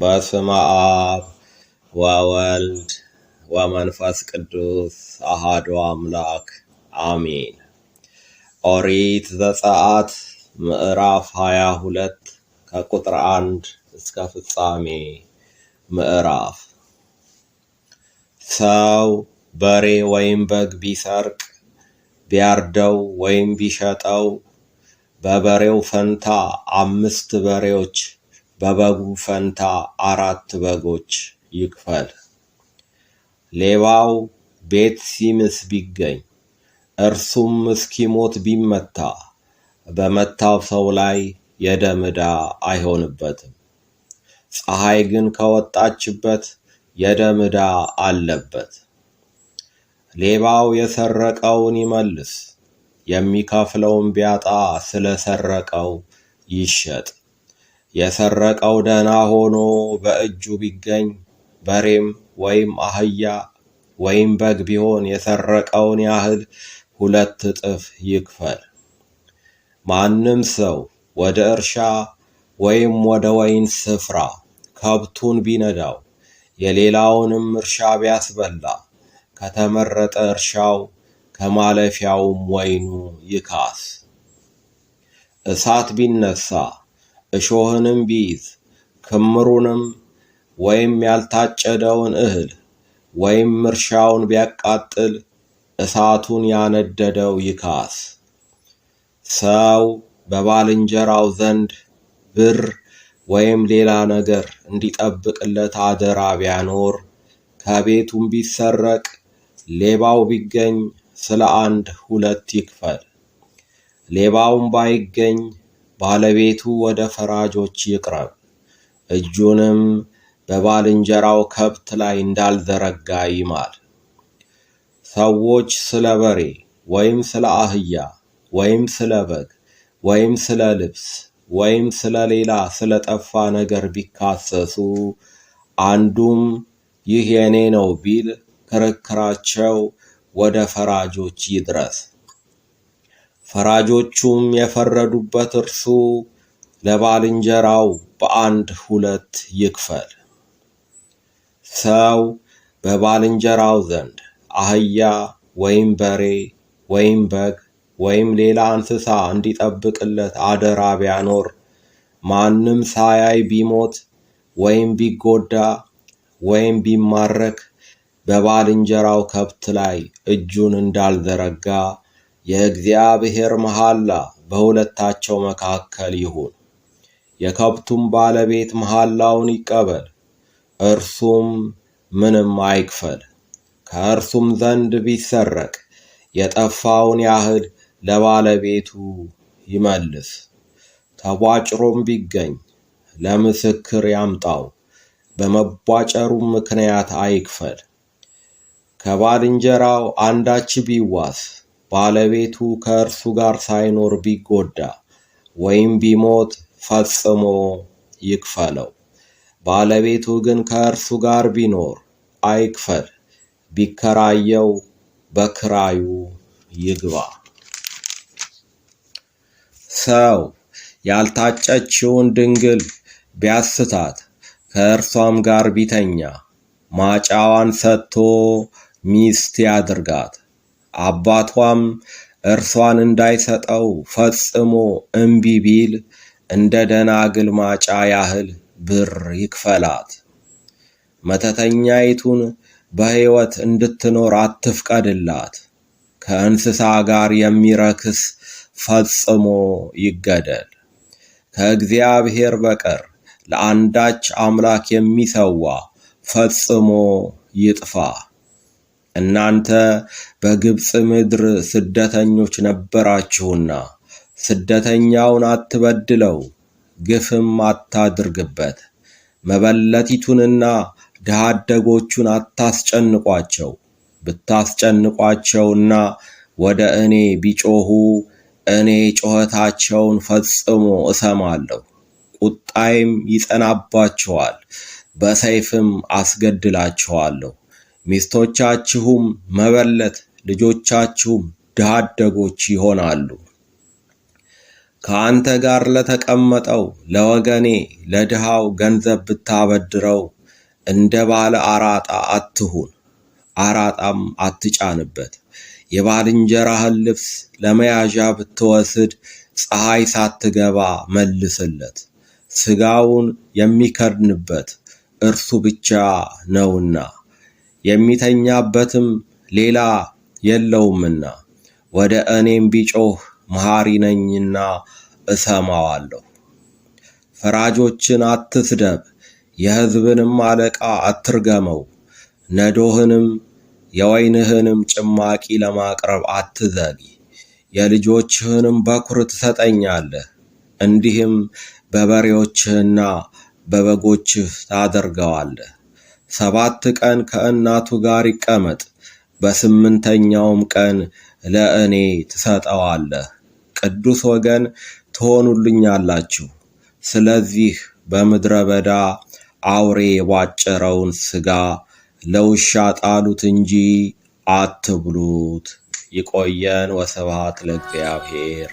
በስመ አብ ወወልድ ወመንፈስ ቅዱስ አሃዱ አምላክ አሜን። ኦሪት ዘጸአት ምዕራፍ ሀያ ሁለት ከቁጥር አንድ እስከ ፍጻሜ ምዕራፍ። ሰው በሬ ወይም በግ ቢሰርቅ ቢያርደው ወይም ቢሸጠው በበሬው ፈንታ አምስት በሬዎች በበጉ ፈንታ አራት በጎች ይክፈል። ሌባው ቤት ሲምስ ቢገኝ እርሱም እስኪሞት ቢመታ በመታው ሰው ላይ የደም ዕዳ አይሆንበትም። ፀሐይ ግን ከወጣችበት የደም ዕዳ አለበት። ሌባው የሰረቀውን ይመልስ፣ የሚከፍለውን ቢያጣ ስለሰረቀው ይሸጥ። የሰረቀው ደና ሆኖ በእጁ ቢገኝ በሬም ወይም አህያ ወይም በግ ቢሆን የሰረቀውን ያህል ሁለት እጥፍ ይክፈል። ማንም ሰው ወደ እርሻ ወይም ወደ ወይን ስፍራ ከብቱን ቢነዳው የሌላውንም እርሻ ቢያስበላ ከተመረጠ እርሻው ከማለፊያውም ወይኑ ይካስ። እሳት ቢነሳ እሾህንም ቢይዝ ክምሩንም ወይም ያልታጨደውን እህል ወይም እርሻውን ቢያቃጥል እሳቱን ያነደደው ይካስ። ሰው በባልንጀራው ዘንድ ብር ወይም ሌላ ነገር እንዲጠብቅለት አደራ ቢያኖር ከቤቱም ቢሰረቅ ሌባው ቢገኝ ስለ አንድ ሁለት ይክፈል። ሌባውም ባይገኝ ባለቤቱ ወደ ፈራጆች ይቅረብ፣ እጁንም በባልንጀራው ከብት ላይ እንዳልዘረጋ ይማል። ሰዎች ስለ በሬ ወይም ስለ አህያ ወይም ስለ በግ ወይም ስለ ልብስ ወይም ስለ ሌላ ስለ ጠፋ ነገር ቢካሰሱ አንዱም ይህ የኔ ነው ቢል ክርክራቸው ወደ ፈራጆች ይድረስ። ፈራጆቹም የፈረዱበት እርሱ ለባልንጀራው በአንድ ሁለት ይክፈል። ሰው በባልንጀራው ዘንድ አህያ ወይም በሬ ወይም በግ ወይም ሌላ እንስሳ እንዲጠብቅለት አደራ ቢያኖር ማንም ሳያይ ቢሞት ወይም ቢጎዳ ወይም ቢማረክ በባልንጀራው ከብት ላይ እጁን እንዳልዘረጋ የእግዚአብሔር መሐላ በሁለታቸው መካከል ይሁን። የከብቱም ባለቤት መሐላውን ይቀበል፣ እርሱም ምንም አይክፈል። ከእርሱም ዘንድ ቢሰረቅ የጠፋውን ያህል ለባለቤቱ ይመልስ። ተቧጭሮም ቢገኝ ለምስክር ያምጣው፣ በመቧጨሩም ምክንያት አይክፈል። ከባልንጀራው አንዳች ቢዋስ ባለቤቱ ከእርሱ ጋር ሳይኖር ቢጎዳ ወይም ቢሞት ፈጽሞ ይክፈለው። ባለቤቱ ግን ከእርሱ ጋር ቢኖር አይክፈል፣ ቢከራየው በክራዩ ይግባ። ሰው ያልታጨችውን ድንግል ቢያስታት ከእርሷም ጋር ቢተኛ ማጫዋን ሰጥቶ ሚስት ያድርጋት። አባቷም እርሷን እንዳይሰጠው ፈጽሞ እምቢ ቢል እንደ ደናግል ማጫ ያህል ብር ይክፈላት። መተተኛይቱን በሕይወት እንድትኖር አትፍቀድላት። ከእንስሳ ጋር የሚረክስ ፈጽሞ ይገደል። ከእግዚአብሔር በቀር ለአንዳች አምላክ የሚሰዋ ፈጽሞ ይጥፋ። እናንተ በግብፅ ምድር ስደተኞች ነበራችሁና ስደተኛውን አትበድለው፣ ግፍም አታድርግበት። መበለቲቱንና ድሃ አደጎቹን አታስጨንቋቸው። ብታስጨንቋቸውና ወደ እኔ ቢጮኹ እኔ ጩኸታቸውን ፈጽሞ እሰማለሁ። ቁጣይም ይጸናባቸዋል በሰይፍም አስገድላቸዋለሁ። ሚስቶቻችሁም መበለት፣ ልጆቻችሁም ድሃ አደጎች ይሆናሉ። ከአንተ ጋር ለተቀመጠው ለወገኔ ለድሃው ገንዘብ ብታበድረው እንደ ባለ አራጣ አትሁን፣ አራጣም አትጫንበት። የባልንጀራህን ልብስ ለመያዣ ብትወስድ ፀሐይ ሳትገባ መልስለት፣ ስጋውን የሚከድንበት እርሱ ብቻ ነውና። የሚተኛበትም ሌላ የለውምና ወደ እኔም ቢጮህ መሐሪ ነኝና እሰማዋለሁ። ፈራጆችን አትስደብ፣ የሕዝብንም አለቃ አትርገመው። ነዶህንም የወይንህንም ጭማቂ ለማቅረብ አትዘግይ። የልጆችህንም በኩር ትሰጠኛለህ፣ እንዲህም በበሬዎችህና በበጎችህ ታደርገዋለህ። ሰባት ቀን ከእናቱ ጋር ይቀመጥ፣ በስምንተኛውም ቀን ለእኔ ትሰጠዋለህ። ቅዱስ ወገን ትሆኑልኛላችሁ። ስለዚህ በምድረ በዳ አውሬ የቧጨረውን ሥጋ ለውሻ ጣሉት እንጂ አትብሉት። ይቆየን። ወስብሐት ለእግዚአብሔር።